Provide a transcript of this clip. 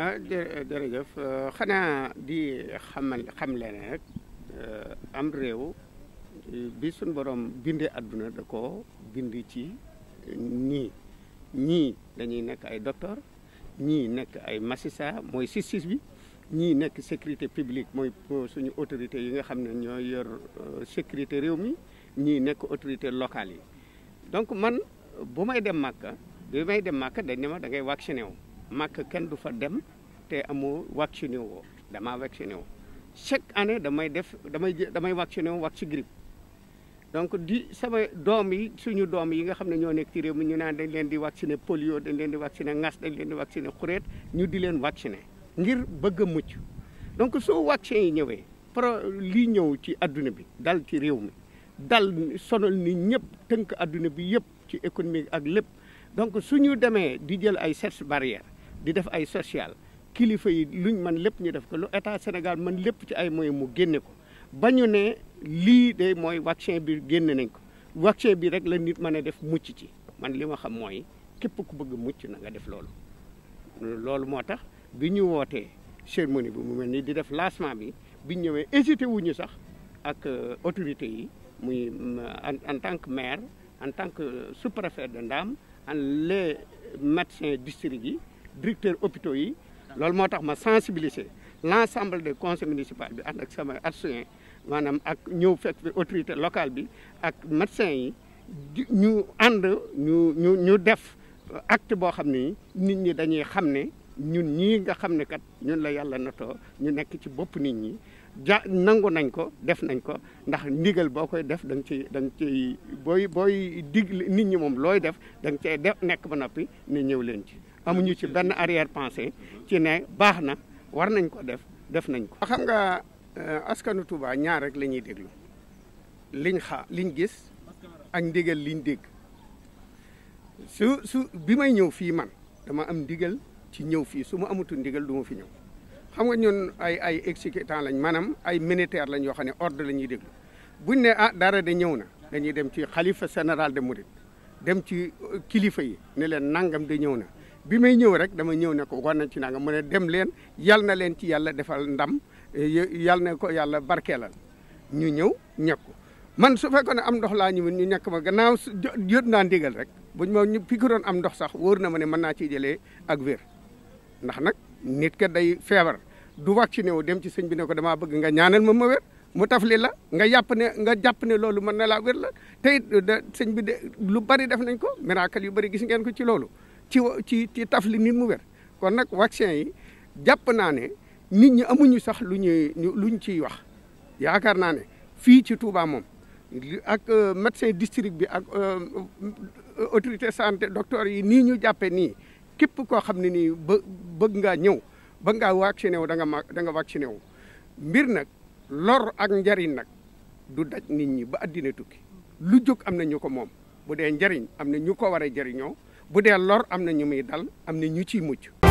ah jërëjëf euh, xanaa di xamal xam leen rek euh, am réew bi suñ borom bindee àdduna da ko bind ci nii ñii dañuy nekk ay docteur ñii nekk ay masisa mooy justice bi ñii nekk sécurité publique mooy suñu autorité yi nga xam ne ñoo yor euh, sécurité réew mi ñii nekk autorité locale yi donc man bu may dem màkka bi may dem màkka dañ ne da ngay vacciné wu màkk kenn du fa dem te amoo vacciné woo damaa vacciné woo chaque année damay def damay damay vacciné woo wax ci grippe donc di sama doom yi suñu doom yi nga xam ne ñoo nekk ci réew mi ñu naan dañ leen di vacciné polio dañ leen di vacciné ŋas dañ leen di vacciné xureet ñu di leen vacciné ngir bëgg a mucc donc soo vaccin yi ñëwee pro lii ñëw ci adduna bi dal ci réew mi dal sonal ni ñëpp tënk adduna bi yëpp ci économique ak lépp donc suñu demee di jël ay gestes barrières di def ay social kilifa yi luñ man lépp ñu def ko lu état Sénégal man lépp ci ay moyens mu génne ko ba ñu ne lii de mooy vaccin bi génne nañ ko vaccin bi rek la nit mën a def mucc ci man li ma xam mooy képp ku bëgg mucc na def loolu. loolu moo tax bi ñu wootee cérémonie bi mu mel ni di def lancement bi bi ñëwee hésité wuñu sax ak euh, autorité yi muy mm, en tant que maire en tant que sous-préfet de Ndam en les médecins district yi. directeur hôpitaux yi loolu moo tax ma sensibiliser l' ensemble des conseils municipal bi ànd ak sama adjoint maanaam ak ñëw fekk bi autorité locale bi ak médecin yi ñu ànd ñu ñu ñu def acte boo xam ni nit ñi dañuy xam ne ñun ñii nga xam ne kat ñun la yàlla natoo ñu nekk ci bopp nit ñi ja nangu nañ ko def nañ ko ndax ndigal boo koy def da nga ciy da nga booy booy digle nit ñi moom looy def da nga def nekk ba noppi ne ñëw leen ci amuñu ci benn arrière pensée ci ne baax na war nañ ko def def nañ ko. xam nga euh, askanu tubaa ñaar rek la ñuy déglu liñ xa liñ gis ak ndigal liñ dégg su su bi may ñëw fii man dama am ndigal ci ñëw fii su ma amatul ndigal du ma fi ñëw xam nga ñun ay ay exécutants lañ maanaam ay militaires lañ yoo xam ne ordre la ñuy déglu buñ ne ah dara da ñëw na dañuy dem ci xalifa général de Mouride dem ci euh, kilifa yi ni leen nangam de ñëw na. bi may ñëw rek dama ñëw ne ko nañ ci nanga mu ne dem leen yal na leen ci yàlla defal ndam eh, yal na ko yàlla barkeelal ñu ñëw ñekk man su fekkee ne am ndox laa ñu ñu ñekk ma gannaaw jot naa ndigal rek buñ ma pikiroon am ndox sax wóor na ma ne mën naa ciy jëlee ak wér ndax nag nit ka day feebar du wax vacciné wu dem ci sëñ bi ne ko damaa bëgg nga ñaanal ma ma wér mu tafli la nga yàpp ne nga jàpp ne loolu mën na laa wér la tey it sëñ bi de lu bari def nañ ko miracle yu bari gis ngeen ko ci loolu ci ci ci taf li mu wér kon nag vaccin yi jàpp naa ne nit ñi amuñu sax lu ñuy luñ ciy wax yaakaar naa ne fii ci Touba moom ak euh, médecin district bi ak euh, euh, autorité santé docteur yi nii ñu jàppee nii képp koo xam ne ni ba bëgg ngaa ñëw ba ngaa vacciné wu da nga ma da nga mbir nag lor ak njariñ nag du daj nit ñi ba addina tukki lu jóg am na ñu ko moom bu dee njariñ am na ñu ko war a jariñoo bu dee lor am na ñu muy dal am na ñu ciy mujj